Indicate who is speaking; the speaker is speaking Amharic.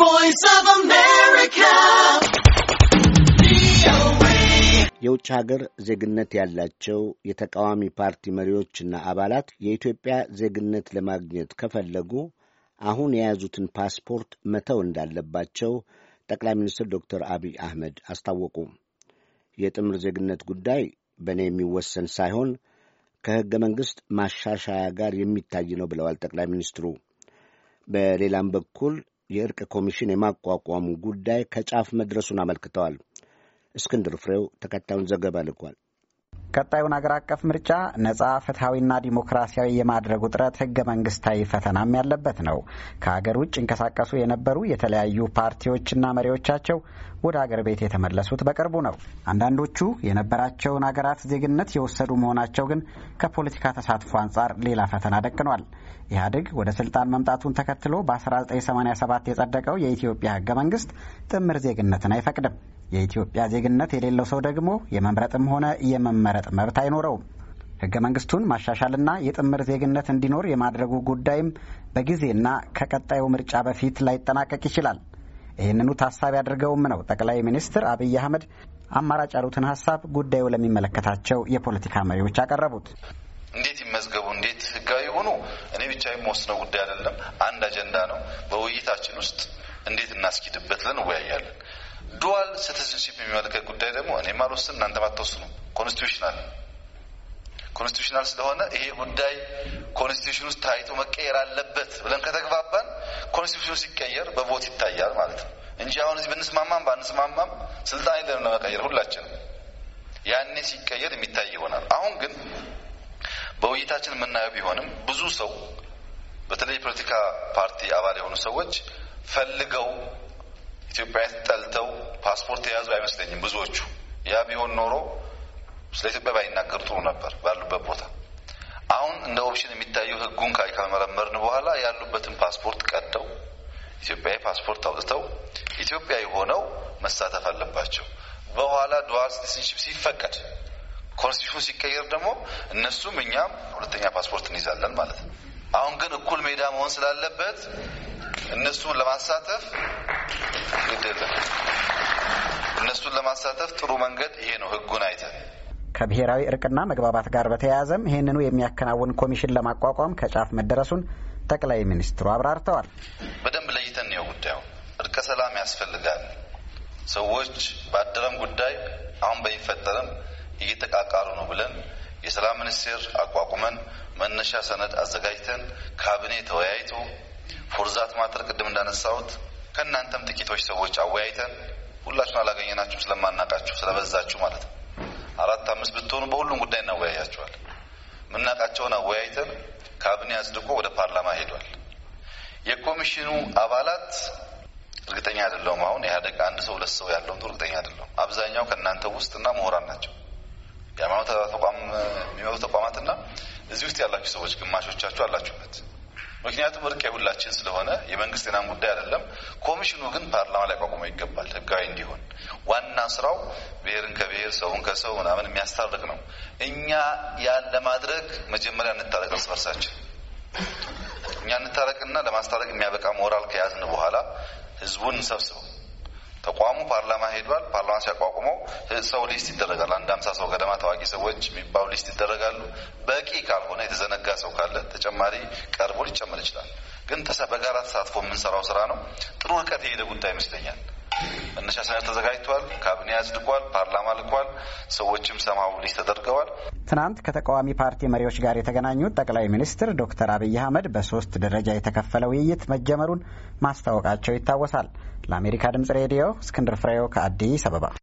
Speaker 1: voice of America.
Speaker 2: የውጭ ሀገር ዜግነት ያላቸው የተቃዋሚ ፓርቲ መሪዎችና አባላት የኢትዮጵያ ዜግነት ለማግኘት ከፈለጉ አሁን የያዙትን ፓስፖርት መተው እንዳለባቸው ጠቅላይ ሚኒስትር ዶክተር አብይ አህመድ አስታወቁ። የጥምር ዜግነት ጉዳይ በእኔ የሚወሰን ሳይሆን ከሕገ መንግሥት ማሻሻያ ጋር የሚታይ ነው ብለዋል ጠቅላይ ሚኒስትሩ። በሌላም በኩል የእርቅ ኮሚሽን የማቋቋሙ ጉዳይ ከጫፍ መድረሱን አመልክተዋል። እስክንድር ፍሬው
Speaker 3: ተከታዩን ዘገባ ልኳል። ቀጣዩን አገር አቀፍ ምርጫ ነጻ ፍትሐዊና ዲሞክራሲያዊ የማድረጉ ጥረት ህገ መንግስታዊ ፈተናም ያለበት ነው። ከሀገር ውጭ ይንቀሳቀሱ የነበሩ የተለያዩ ፓርቲዎችና መሪዎቻቸው ወደ አገር ቤት የተመለሱት በቅርቡ ነው። አንዳንዶቹ የነበራቸውን አገራት ዜግነት የወሰዱ መሆናቸው ግን ከፖለቲካ ተሳትፎ አንጻር ሌላ ፈተና ደቅኗል። ኢህአዴግ ወደ ስልጣን መምጣቱን ተከትሎ በ1987 የጸደቀው የኢትዮጵያ ህገ መንግስት ጥምር ዜግነትን አይፈቅድም። የኢትዮጵያ ዜግነት የሌለው ሰው ደግሞ የመምረጥም ሆነ የመመረጥ መብት አይኖረውም። ህገ መንግስቱን ማሻሻልና የጥምር ዜግነት እንዲኖር የማድረጉ ጉዳይም በጊዜና ከቀጣዩ ምርጫ በፊት ላይጠናቀቅ ይችላል። ይህንኑ ታሳቢ አድርገውም ነው ጠቅላይ ሚኒስትር አብይ አህመድ አማራጭ ያሉትን ሀሳብ ጉዳዩ ለሚመለከታቸው የፖለቲካ መሪዎች ያቀረቡት።
Speaker 1: እንዴት ይመዝገቡ፣ እንዴት ህጋዊ ሆኑ፣ እኔ ብቻ የምወስነው ጉዳይ አይደለም። አንድ አጀንዳ ነው። በውይይታችን ውስጥ እንዴት እናስኪድበት ብለን እንወያያለን። ዱዋል ሲቲዝንሺፕ የሚመለከት ጉዳይ ደግሞ እኔ አልወስንም እናንተ ማተወስኑ ኮንስቲቱሽናል ኮንስቲቱሽናል ስለሆነ ይሄ ጉዳይ ኮንስቲቱሽን ውስጥ ታይቶ መቀየር አለበት ብለን ከተግባባን ኮንስቲቱሽኑ ሲቀየር በቦት ይታያል ማለት ነው እንጂ አሁን እዚህ ብንስማማም ባንስማማም ስልጣን የለም ለመቀየር ሁላችንም። ያኔ ሲቀየር የሚታይ ይሆናል። አሁን ግን በውይይታችን የምናየው ቢሆንም ብዙ ሰው በተለይ የፖለቲካ ፓርቲ አባል የሆኑ ሰዎች ፈልገው ኢትዮጵያን ጠልተው ፓስፖርት የያዙ አይመስለኝም ብዙዎቹ። ያ ቢሆን ኖሮ ስለ ኢትዮጵያ ባይናገር ጥሩ ነበር ባሉበት ቦታ። አሁን እንደ ኦፕሽን የሚታየው ህጉን ካመረመርን በኋላ ያሉበትን ፓስፖርት ቀደው ኢትዮጵያዊ ፓስፖርት አውጥተው ኢትዮጵያዊ ሆነው መሳተፍ አለባቸው። በኋላ ዱዋል ሲቲዝንሺፕ ሲፈቀድ ኮንስቲቱሽኑ ሲቀየር ደግሞ እነሱም እኛም ሁለተኛ ፓስፖርት እንይዛለን ማለት ነው። አሁን ግን እኩል ሜዳ መሆን ስላለበት እነሱን ለማሳተፍ ግድለም እነሱን ለማሳተፍ ጥሩ መንገድ ይሄ ነው። ህጉን አይተን
Speaker 3: ከብሔራዊ እርቅና መግባባት ጋር በተያያዘም ይህንኑ የሚያከናውን ኮሚሽን ለማቋቋም ከጫፍ መደረሱን ጠቅላይ ሚኒስትሩ አብራርተዋል።
Speaker 1: በደንብ ለይተን ነው ጉዳዩ። እርቀ ሰላም ያስፈልጋል። ሰዎች በአደረም ጉዳይ አሁን በሚፈጠርም እየተቃቃሩ ነው ብለን የሰላም ሚኒስቴር አቋቁመን መነሻ ሰነድ አዘጋጅተን ካቢኔ ተወያይቶ ፎርዛት ማተር ቅድም እንዳነሳሁት ከእናንተም ጥቂቶች ሰዎች አወያይተን ሁላችሁን አላገኘናችሁ ስለማናቃችሁ ስለበዛችሁ ማለት ነው። አራት አምስት ብትሆኑ በሁሉም ጉዳይ እናወያያቸዋል። የምናቃቸውን አወያይተን ካቢኔ አጽድቆ ወደ ፓርላማ ሄዷል። የኮሚሽኑ አባላት እርግጠኛ አይደለሁም። አሁን ኢህአዴግ አንድ ሰው ሁለት ሰው ያለው እርግጠኛ አይደለሁም። አብዛኛው ከእናንተ ውስጥና ምሁራን ናቸው። የሃይማኖት ተቋም የሚመሩ ተቋማትና እዚህ ውስጥ ያላችሁ ሰዎች ግማሾቻችሁ አላችሁበት። ምክንያቱም እርቅ የሁላችን ስለሆነ የመንግስት ጤናም ጉዳይ አይደለም። ኮሚሽኑ ግን ፓርላማ ላይ ቋቁሞ ይገባል ህጋዊ እንዲሆን። ዋና ስራው ብሔርን ከብሔር ሰውን ከሰው ምናምን የሚያስታርቅ ነው። እኛ ያን ለማድረግ መጀመሪያ እንታረቅ እርስ በርሳችን። እኛ እንታረቅና ለማስታረቅ የሚያበቃ ሞራል ከያዝን በኋላ ህዝቡን እንሰብስበው። ተቋሙ ፓርላማ ሄዷል። ፓርላማ ሲያቋቁመው ሰው ሊስት ይደረጋል። አንድ አምሳ ሰው ገደማ ታዋቂ ሰዎች የሚባሉ ሊስት ይደረጋሉ። በቂ ካልሆነ የተዘነጋ ሰው ካለ ተጨማሪ ቀርቦ ሊጨ ይችላል። ግን በጋራ ተሳትፎ የምንሰራው ስራ ነው። ጥሩ ርቀት የሄደ ጉዳይ ይመስለኛል። መነሻ ሰነድ ተዘጋጅቷል። ካቢኔ አጽድቋል። ፓርላማ ልኳል። ሰዎችም ሰማው ልጅ ተደርገዋል።
Speaker 3: ትናንት ከተቃዋሚ ፓርቲ መሪዎች ጋር የተገናኙት ጠቅላይ ሚኒስትር ዶክተር አብይ አህመድ በሶስት ደረጃ የተከፈለ ውይይት መጀመሩን ማስታወቃቸው ይታወሳል። ለአሜሪካ ድምጽ ሬዲዮ እስክንድር ፍሬው ከአዲስ አበባ